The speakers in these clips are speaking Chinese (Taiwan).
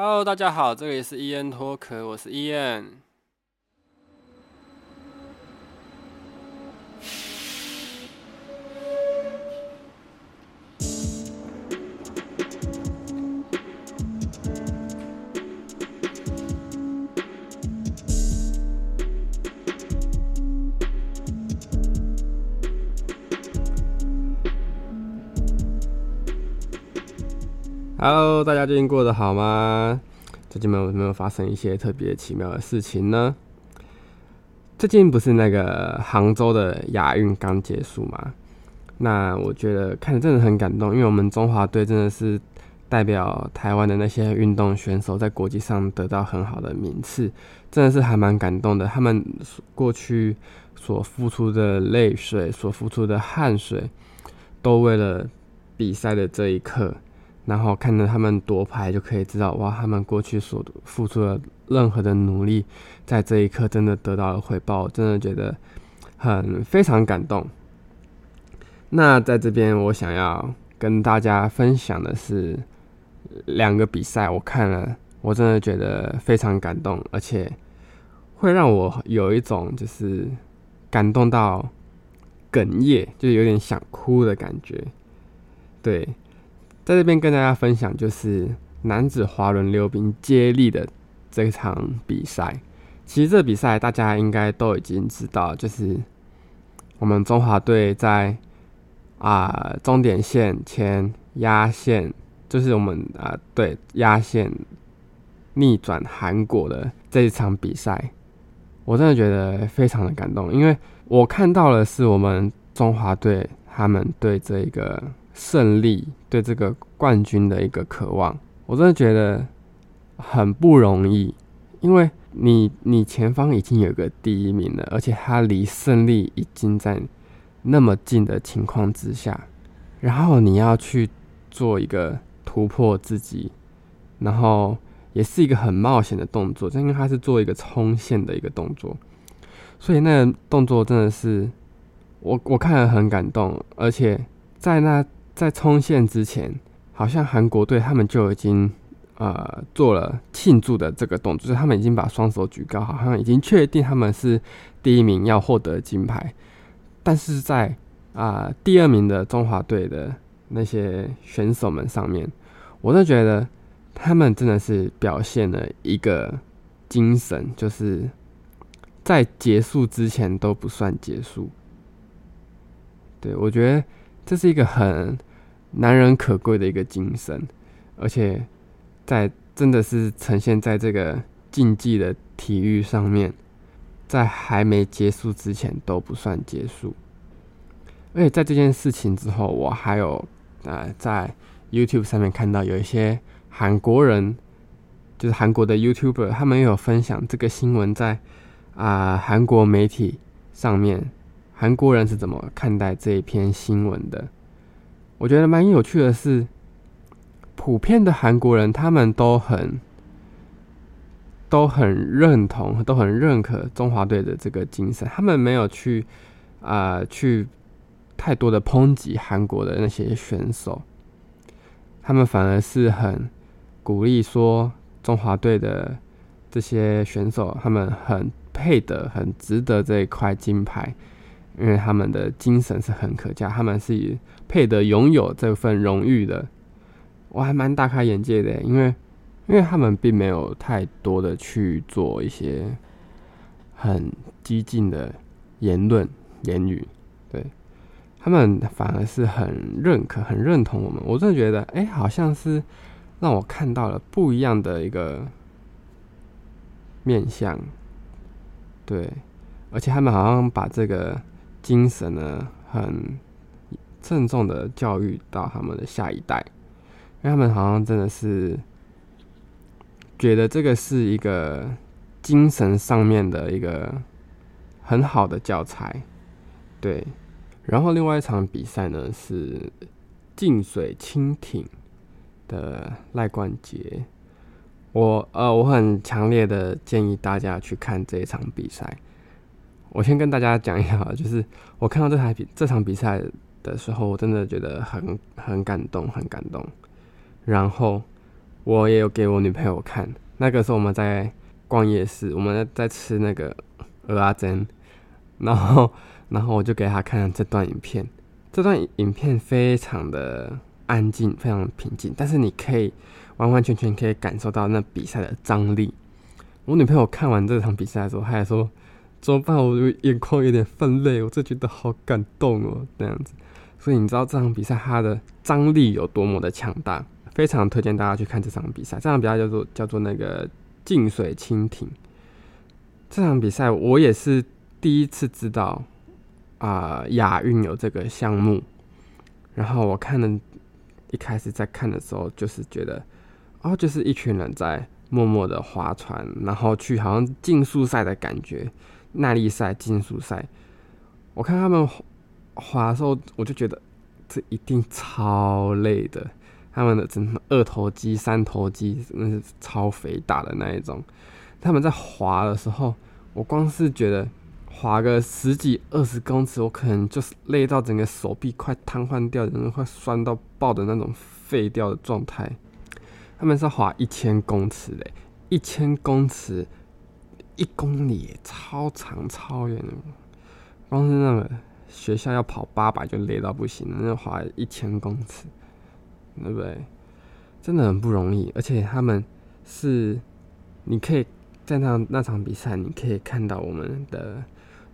Hello，大家好，這裡是伊恩托克，我是伊恩。哈嘍，Hello, 大家最近過得好嗎？最近有沒有發生一些特別奇妙的事情呢？最近不是那個杭州的亞運剛結束嘛？那我覺得看得真的很感動，因為我們中華隊真的是代表台灣的那些運動選手，在國際上得到很好的名次，真的是還蠻感動的。他們過去所付出的淚水，所付出的汗水，都為了比賽的這一刻。然後看着他們奪牌，就可以知道哇，他們過去所付出的任何的努力，在這一刻真的得到了回報，真的覺得很非常感動。那在這邊，我想要跟大家分享的是兩個比賽，我看了，我真的覺得非常感動，而且會讓我有一種就是感動到哽咽，就有點想哭的感覺，對。在這邊跟大家分享，就是男子滑輪溜冰接力的這場比賽。其實這比賽大家應該都已經知道，就是我們中華隊在啊終點線前壓線，就是我們啊對壓線逆轉韓國的這一場比賽，我真的覺得非常的感動，因為我看到的是我們中華隊他們對這個。勝利對這個冠軍的一個渴望，我真的覺得很不容易，因為你你前方已經有個第一名了，而且他離勝利已經在那麼近的情況之下，然後你要去做一個突破自己，然後也是一個很冒險的動作，因為他是做一個衝線的一個動作，所以那個動作真的是我我看了很感動，而且在那。在衝線之前，好像韓國隊他們就已經呃做了慶祝的這個動作，就是、他們已經把雙手舉高好，好像已經確定他們是第一名要獲得金牌，但是在啊、呃、第二名的中華隊的那些選手們上面，我都覺得他們真的是表現了一個精神，就是在結束之前都不算結束。對，我覺得這是一個很。男人可貴的一個精神，而且在真的是呈現在這個競技的體育上面，在還沒結束之前都不算結束。而且在這件事情之後，我還有啊、呃、在 YouTube 上面看到有一些韓國人，就是韓國的 YouTuber，他們有分享這個新聞在啊、呃、韓國媒體上面，韓國人是怎麼看待這一篇新聞的。我覺得蠻有趣的是，普遍的韓國人他們都很都很認同、都很認可中華隊的這個精神。他們沒有去啊、呃、去太多的抨擊韓國的那些選手，他們反而是很鼓勵說中華隊的這些選手他們很配得、很值得這一塊金牌，因為他們的精神是很可嘉，他們是以。配得擁有這份榮譽的，我還蠻大開眼界的，因為因為他們並沒有太多的去做一些很激進的言論言語，對，他們反而是很認可、很認同我們。我真的覺得，哎，好像是讓我看到了不一樣的一個面相面向。對，而且他們好像把這個精神呢，很。鄭重的教育到他們的下一代，因為他們好像真的是覺得這個是一個精神上面的一個很好的教材，對。然後另外一場比賽呢是靜水輕艇的賴冠傑，我呃我很強烈的建議大家去看這一場比賽。我先跟大家講一下啊，就是我看到這台比這場比賽。的時候，我真的覺得很很感動，很感動。然後我也有給我女朋友看，那個時候我們在逛夜市，我們在，在吃那個蚵仔煎，然後然後我就給她看了這段影片。這段影片非常的安靜，非常的平靜，但是你可以完完全全可以感受到那比賽的張力。我女朋友看完這場比賽的時候，她還說。怎麼辦？我就眼眶有點泛淚，我就覺得好感動哦、喔，那樣子。所以你知道這場比賽它的張力有多麼的強大，非常推薦大家去看這場比賽。這場比賽叫做叫做那個靜水輕艇。這場比賽我也是第一次知道啊，呃，亞運有這個項目。然後我看了，一開始在看的時候就是覺得，哦，就是一群人在默默的划船，然後去好像競速賽的感覺。耐力賽、競速賽，我看他們滑的時候，我就覺得這一定超累的。他們的整個二頭肌、三頭肌那是超肥大的那一種。他們在滑的時候，我光是覺得滑個十幾、二十公尺，我可能就是累到整個手臂快癱瘓掉，整個人快酸到爆的那種廢掉的狀態。他們是滑一千公尺嘞，一千公尺。一公里超長超遠，光是那個學校要跑八百就累到不行，那就劃一千公尺，對不對？真的很不容易。而且他們是，你可以在那那場比賽，你可以看到我們的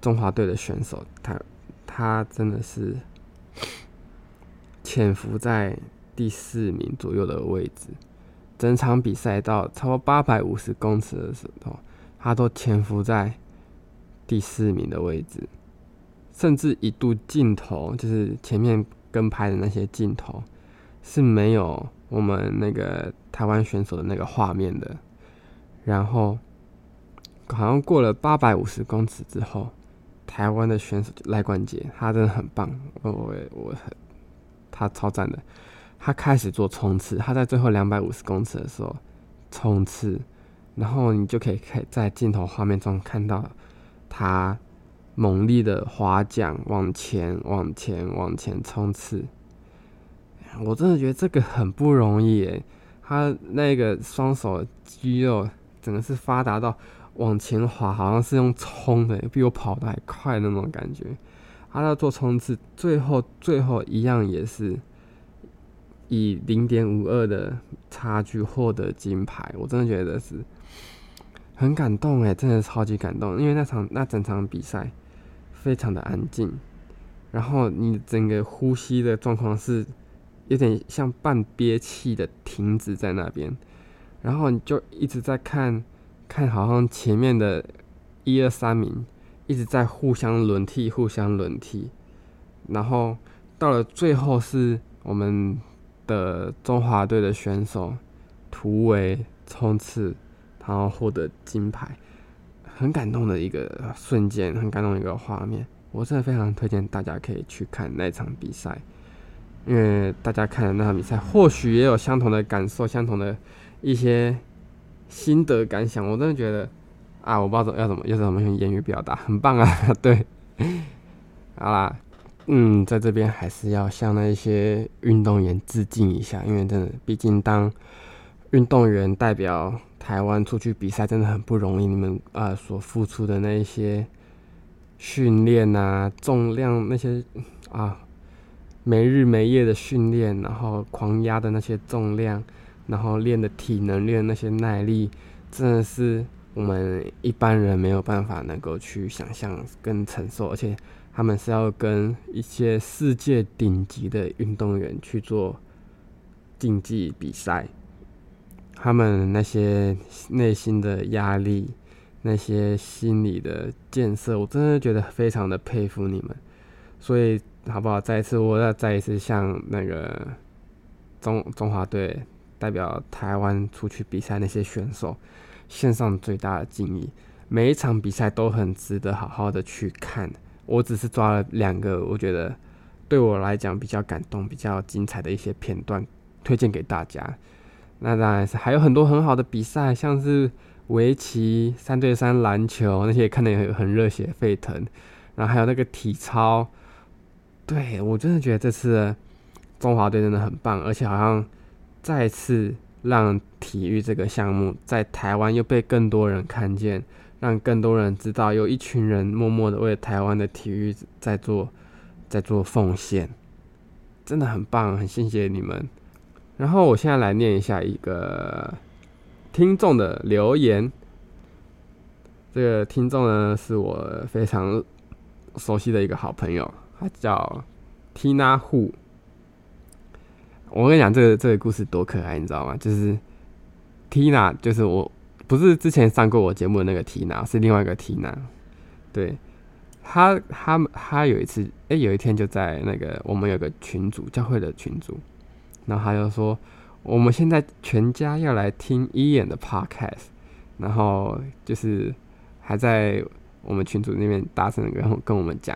中華隊的選手，他他真的是潛伏在第四名左右的位置，整場比賽到超過八百五十公尺的時候。他都潛伏在第四名的位置，甚至一度鏡頭就是前面跟拍的那些鏡頭是沒有我們那個台灣選手的那個畫面的。然後好像過了八百五十公尺之後，台灣的選手就賴冠杰，他真的很棒，我我，我他超讚的。他開始做衝刺，他在最後兩百五十公尺的時候衝刺。然後你就可以，可以在鏡頭畫面中看到他猛力的划槳，往前往前往前衝刺。我真的覺得這個很不容易誒，他那個雙手肌肉整個是發達到往前划，好像是用衝的，比我跑的還快的那種感覺。他要做衝刺，最後最後一樣也是以零點五二的差距獲得金牌。我真的覺得是。很感動誒，真的超級感動，因為那場那整場比賽非常的安靜，然後你整個呼吸的狀況是有點像半憋氣的，停止在那邊，然後你就一直在看，看好像前面的一二三名一直在互相輪替，互相輪替，然後到了最後是我們的中華隊的選手突圍衝刺，然後獲得金牌，很感動的一個瞬間，很感動的一個畫面。我真的非常推薦大家可以去看那場比賽，因為大家看了那場比賽，或許也有相同的感受，相同的一些心得感想。我真的覺得啊，我不知道要怎麼，要怎麼用言語表達，很棒啊，對，好啦，嗯，在這邊還是要向那一些運動員致敬一下，因為真的，畢竟當。運動員代表台灣出去比賽真的很不容易，你們啊、呃、所付出的那一些訓練啊、重量那些啊，沒日沒夜的訓練，然後狂壓的那些重量，然後練的體能、練那些耐力，真的是我們一般人沒有辦法能夠去想象跟承受。而且他們是要跟一些世界頂級的運動員去做競技比賽。他們那些內心的壓力，那些心理的建設，我真的覺得非常的佩服你們。所以，好不好？再一次，我要再，再一次向那個中中華隊代表台灣出去比賽那些選手獻上最大的敬意。每一場比賽都很值得好好的去看。我只是抓了兩個，我覺得對我來講比較感動、比較精彩的一些片段，推薦給大家。那當然是還有很多很好的比賽，像是圍棋、三對三籃球，那些看得也很熱血沸騰。然後還有那個體操，對，我真的覺得這次的中華隊真的很棒，而且好像再次讓體育這個項目在台灣又被更多人看見，讓更多人知道有一群人默默的為台灣的體育在做，在做奉獻，真的很棒，很謝謝你們。然後我現在來念一下一個聽眾的留言。這個聽眾呢是我非常熟悉的一個好朋友，他叫 Tina Hu。我跟你講，這個這個故事多可愛，你知道嗎？就是 Tina，就是我不是之前上過我節目的那個 Tina，是另外一個 Tina。對，他他他有一次，哎，有一天就在那個我們有個群組教會的群組。然後還有說：“我們現在全家要來聽一眼的 podcast，然後就是還在我們群組那邊大聲，然後跟我們講，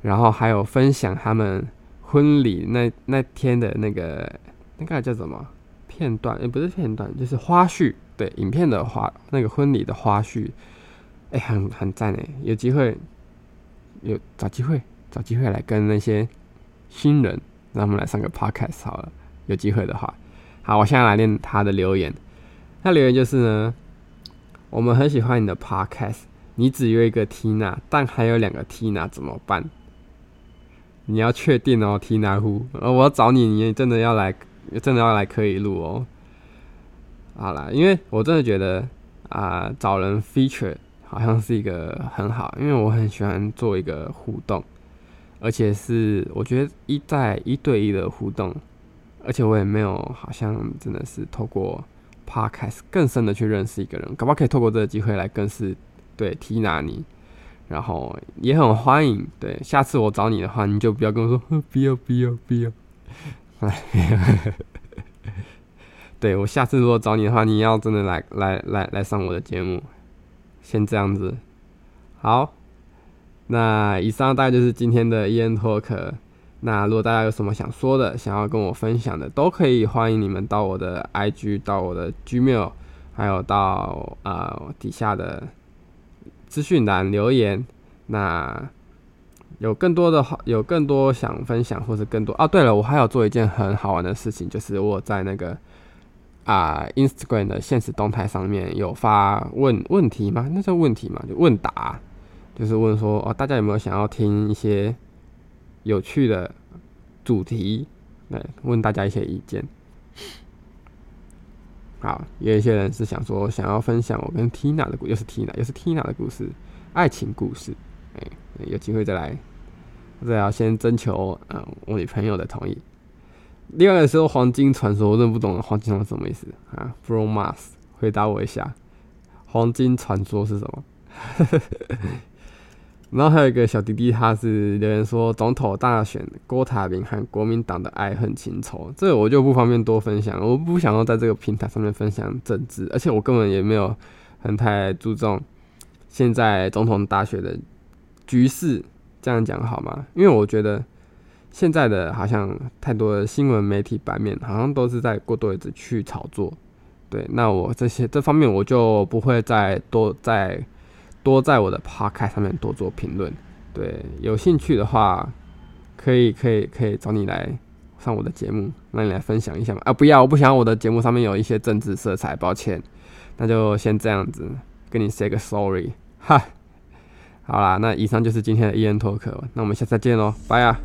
然後還有分享他們婚禮那那天的那個那個叫什麼片段？哎，不是片段，就是花絮。對，影片的花那個婚禮的花絮，哎，很很讚哎！有機會有找機會找機會來跟那些新人，讓他們來上個 podcast 好了。”有機會的話，好，我現在來念他的留言。那留言就是呢，我們很喜歡你的 podcast，你只約一個 Tina，但還有兩個 Tina 怎麼辦？你要確定哦、喔，Tina 呼、呃，我要找你，你真的要來，真的要來可以錄哦。好啦，因為我真的覺得啊，找人 feature 好像是一個很好，因為我很喜歡做一個互動，而且是我覺得一在一對一的互動。而且我也沒有，好像真的是透過 podcast 更深的去認識一個人，可不可以透過這個機會來更是對提拿你，然後也很歡迎，對，下次我找你的話，你就不要跟我說不要不要不要，不要不要 對，我下次如果找你的話，你要真的來來來來上我的節目，先這樣子，好，那以上大概就是今天的 EN Talk。那如果大家有什麼想說的，想要跟我分享的，都可以歡迎你們到我的 IG，到我的 Gmail，還有到啊、呃、底下的資訊欄留言。那有更多的話，有更多想分享或者更多啊，對了，我還有做一件很好玩的事情，就是我在那個啊、呃、Instagram 的限時動態上面有發問問題嗎？那叫問題嘛，就問答，就是問說哦，大家有沒有想要聽一些？有趣的主題，來問大家一些意見。好，有一些人是想說想要分享我跟 Tina 的故事，又是 Tina，又是 Tina 的故事，愛情故事。欸，有機會再來，這要先徵求嗯我女朋友的同意。另外，的時候，黃金傳說，我真的不懂黃金傳說是什麼意思啊？From Mars，回答我一下，黃金傳說是什麼？ 然後還有一個小弟弟，他是留言說總統大選郭台銘和國民黨的愛恨情仇，這個我就不方便多分享，我不想要在這個平台上面分享政治，而且我根本也沒有很太注重現在總統大選的局勢，這樣講好嗎？因為我覺得現在的好像太多的新聞媒體版面，好像都是在過度的去炒作，對，那我這些這方面我就不會再多再。多在我的 Podcast 上面多做評論，對，有興趣的話，可以可以可以找你來上我的節目，讓你來分享一下嘛。啊，不要，我不想我的節目上面有一些政治色彩，抱歉，那就先這樣子，跟你 say 個 sorry 哈。好啦，那以上就是今天的 E N Talk，那我們下次再見嘍，拜啊。